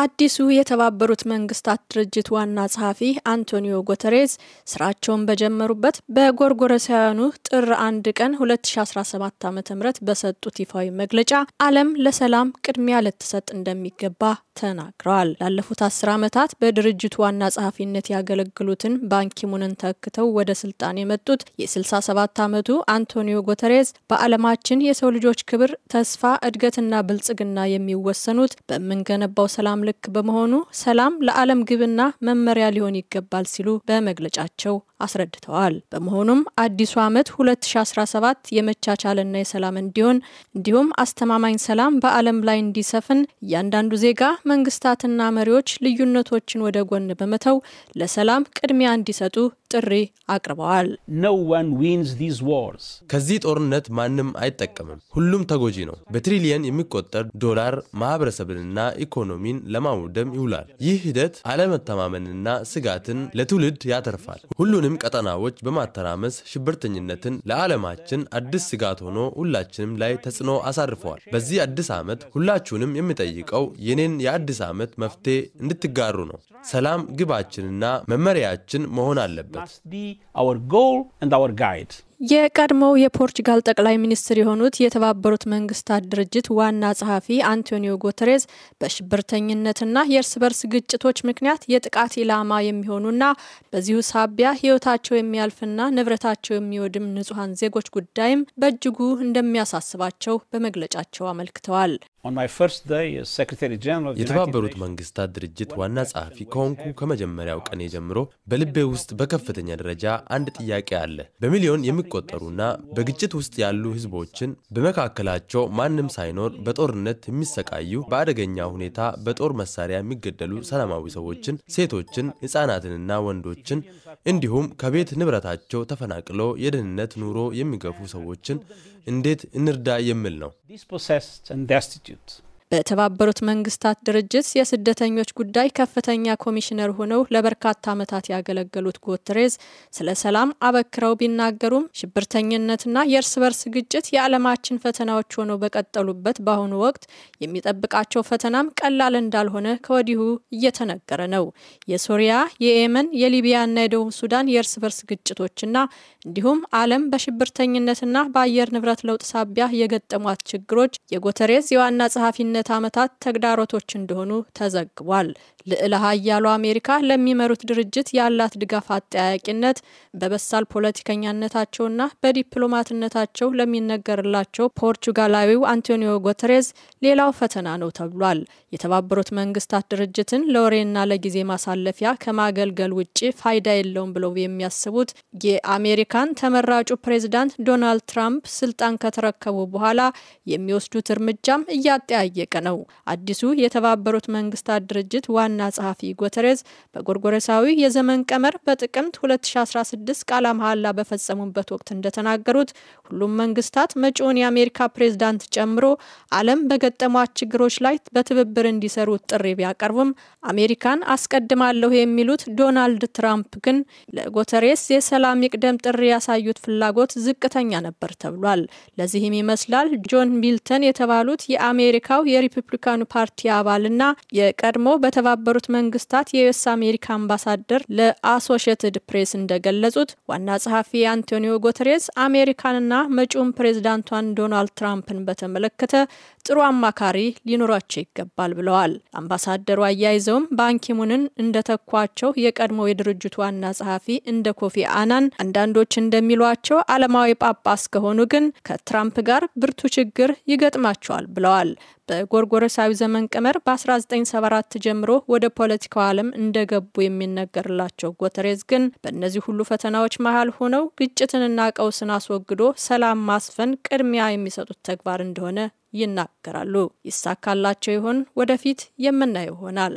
አዲሱ የተባበሩት መንግስታት ድርጅት ዋና ጸሐፊ አንቶኒዮ ጉተሬዝ ስራቸውን በጀመሩበት በጎርጎረሳውያኑ ጥር አንድ ቀን 2017 ዓ ም በሰጡት ይፋዊ መግለጫ ዓለም ለሰላም ቅድሚያ ልትሰጥ እንደሚገባ ተናግረዋል። ላለፉት አስር ዓመታት በድርጅቱ ዋና ጸሐፊነት ያገለግሉትን ባንኪሙንን ተክተው ወደ ስልጣን የመጡት የ67 ዓመቱ አንቶኒዮ ጉተሬዝ በዓለማችን የሰው ልጆች ክብር፣ ተስፋ፣ እድገትና ብልጽግና የሚወሰኑት በምንገነባው ሰላም ልክ በመሆኑ ሰላም ለዓለም ግብና መመሪያ ሊሆን ይገባል ሲሉ በመግለጫቸው አስረድተዋል። በመሆኑም አዲሱ ዓመት 2017 የመቻቻልና የሰላም እንዲሆን እንዲሁም አስተማማኝ ሰላም በዓለም ላይ እንዲሰፍን እያንዳንዱ ዜጋ መንግስታትና መሪዎች ልዩነቶችን ወደ ጎን በመተው ለሰላም ቅድሚያ እንዲሰጡ ጥሪ አቅርበዋል። ከዚህ ጦርነት ማንም አይጠቀምም፣ ሁሉም ተጎጂ ነው። በትሪሊየን የሚቆጠር ዶላር ማህበረሰብንና ኢኮኖሚን ለማውደም ይውላል። ይህ ሂደት አለመተማመንና ስጋትን ለትውልድ ያተርፋል። ሁሉንም ቀጠናዎች በማተራመስ ሽብርተኝነትን ለዓለማችን አዲስ ስጋት ሆኖ ሁላችንም ላይ ተጽዕኖ አሳርፈዋል። በዚህ አዲስ ዓመት ሁላችሁንም የሚጠይቀው የኔን የአዲስ ዓመት መፍትሄ እንድትጋሩ ነው። ሰላም ግባችንና መመሪያችን መሆን አለበት። የቀድሞው የፖርቹጋል ጠቅላይ ሚኒስትር የሆኑት የተባበሩት መንግስታት ድርጅት ዋና ጸሐፊ አንቶኒዮ ጉተሬዝ በሽብርተኝነትና የእርስ በርስ ግጭቶች ምክንያት የጥቃት ኢላማ የሚሆኑና በዚሁ ሳቢያ ሕይወታቸው የሚያልፍና ንብረታቸው የሚወድም ንጹሐን ዜጎች ጉዳይም በእጅጉ እንደሚያሳስባቸው በመግለጫቸው አመልክተዋል። የተባበሩት መንግስታት ድርጅት ዋና ጸሐፊ ከሆንኩ ከመጀመሪያው ቀኔ ጀምሮ በልቤ ውስጥ በከፍተኛ ደረጃ አንድ ጥያቄ አለ። በሚሊዮን የሚቆጠሩና በግጭት ውስጥ ያሉ ህዝቦችን በመካከላቸው ማንም ሳይኖር በጦርነት የሚሰቃዩ በአደገኛ ሁኔታ በጦር መሳሪያ የሚገደሉ ሰላማዊ ሰዎችን፣ ሴቶችን፣ ህጻናትንና ወንዶችን እንዲሁም ከቤት ንብረታቸው ተፈናቅሎ የደህንነት ኑሮ የሚገፉ ሰዎችን እንዴት እንርዳ የሚል ነው። በተባበሩት መንግስታት ድርጅት የስደተኞች ጉዳይ ከፍተኛ ኮሚሽነር ሆነው ለበርካታ ዓመታት ያገለገሉት ጎትሬዝ ስለ ሰላም አበክረው ቢናገሩም ሽብርተኝነትና የእርስ በርስ ግጭት የዓለማችን ፈተናዎች ሆነው በቀጠሉበት በአሁኑ ወቅት የሚጠብቃቸው ፈተናም ቀላል እንዳልሆነ ከወዲሁ እየተነገረ ነው። የሶሪያ፣ የየመን፣ የሊቢያና የደቡብ ሱዳን የእርስ በርስ ግጭቶችና እንዲሁም ዓለም በሽብርተኝነትና በአየር ንብረት ለውጥ ሳቢያ የገጠሟት ችግሮች የጎተሬዝ የዋና ጸሐፊነት የበላይነት ዓመታት ተግዳሮቶች እንደሆኑ ተዘግቧል። ልዕለ ኃያሉ አሜሪካ ለሚመሩት ድርጅት ያላት ድጋፍ አጠያቂነት በበሳል ፖለቲከኛነታቸውና በዲፕሎማትነታቸው ለሚነገርላቸው ፖርቹጋላዊው አንቶኒዮ ጉተሬዝ ሌላው ፈተና ነው ተብሏል። የተባበሩት መንግስታት ድርጅትን ለወሬና ለጊዜ ማሳለፊያ ከማገልገል ውጭ ፋይዳ የለውም ብለው የሚያስቡት የአሜሪካን ተመራጩ ፕሬዚዳንት ዶናልድ ትራምፕ ስልጣን ከተረከቡ በኋላ የሚወስዱት እርምጃም እያጠያየቀ እየጠየቀ ነው። አዲሱ የተባበሩት መንግስታት ድርጅት ዋና ጸሐፊ ጎተሬዝ በጎርጎረሳዊ የዘመን ቀመር በጥቅምት 2016 ቃለ መሐላ በፈጸሙበት ወቅት እንደተናገሩት ሁሉም መንግስታት መጪውን የአሜሪካ ፕሬዝዳንት ጨምሮ ዓለም በገጠሟት ችግሮች ላይ በትብብር እንዲሰሩ ጥሪ ቢያቀርቡም አሜሪካን አስቀድማለሁ የሚሉት ዶናልድ ትራምፕ ግን ለጎተሬስ የሰላም ይቅደም ጥሪ ያሳዩት ፍላጎት ዝቅተኛ ነበር ተብሏል። ለዚህም ይመስላል ጆን ሚልተን የተባሉት የአሜሪካው የሪፐብሊካኑ ፓርቲ አባልና የቀድሞ በተባበሩት መንግስታት የዩኤስ አሜሪካ አምባሳደር ለአሶሽትድ ፕሬስ እንደገለጹት ዋና ጸሐፊ አንቶኒዮ ጉተሬስ አሜሪካንና መጪውን ፕሬዝዳንቷን ዶናልድ ትራምፕን በተመለከተ ጥሩ አማካሪ ሊኖራቸው ይገባል ብለዋል። አምባሳደሩ አያይዘውም ባንኪሙንን እንደተኳቸው የቀድሞ የድርጅቱ ዋና ጸሐፊ እንደ ኮፊ አናን አንዳንዶች እንደሚሏቸው ዓለማዊ ጳጳስ ከሆኑ ግን ከትራምፕ ጋር ብርቱ ችግር ይገጥማቸዋል ብለዋል። በጎርጎረሳዊ ዘመን ቀመር በ1974 ጀምሮ ወደ ፖለቲካው ዓለም እንደገቡ የሚነገርላቸው ጎተሬዝ ግን በእነዚህ ሁሉ ፈተናዎች መሀል ሆነው ግጭትንና ቀውስን አስወግዶ ሰላም ማስፈን ቅድሚያ የሚሰጡት ተግባር እንደሆነ ይናገራሉ። ይሳካላቸው ይሆን? ወደፊት የምናየው ይሆናል።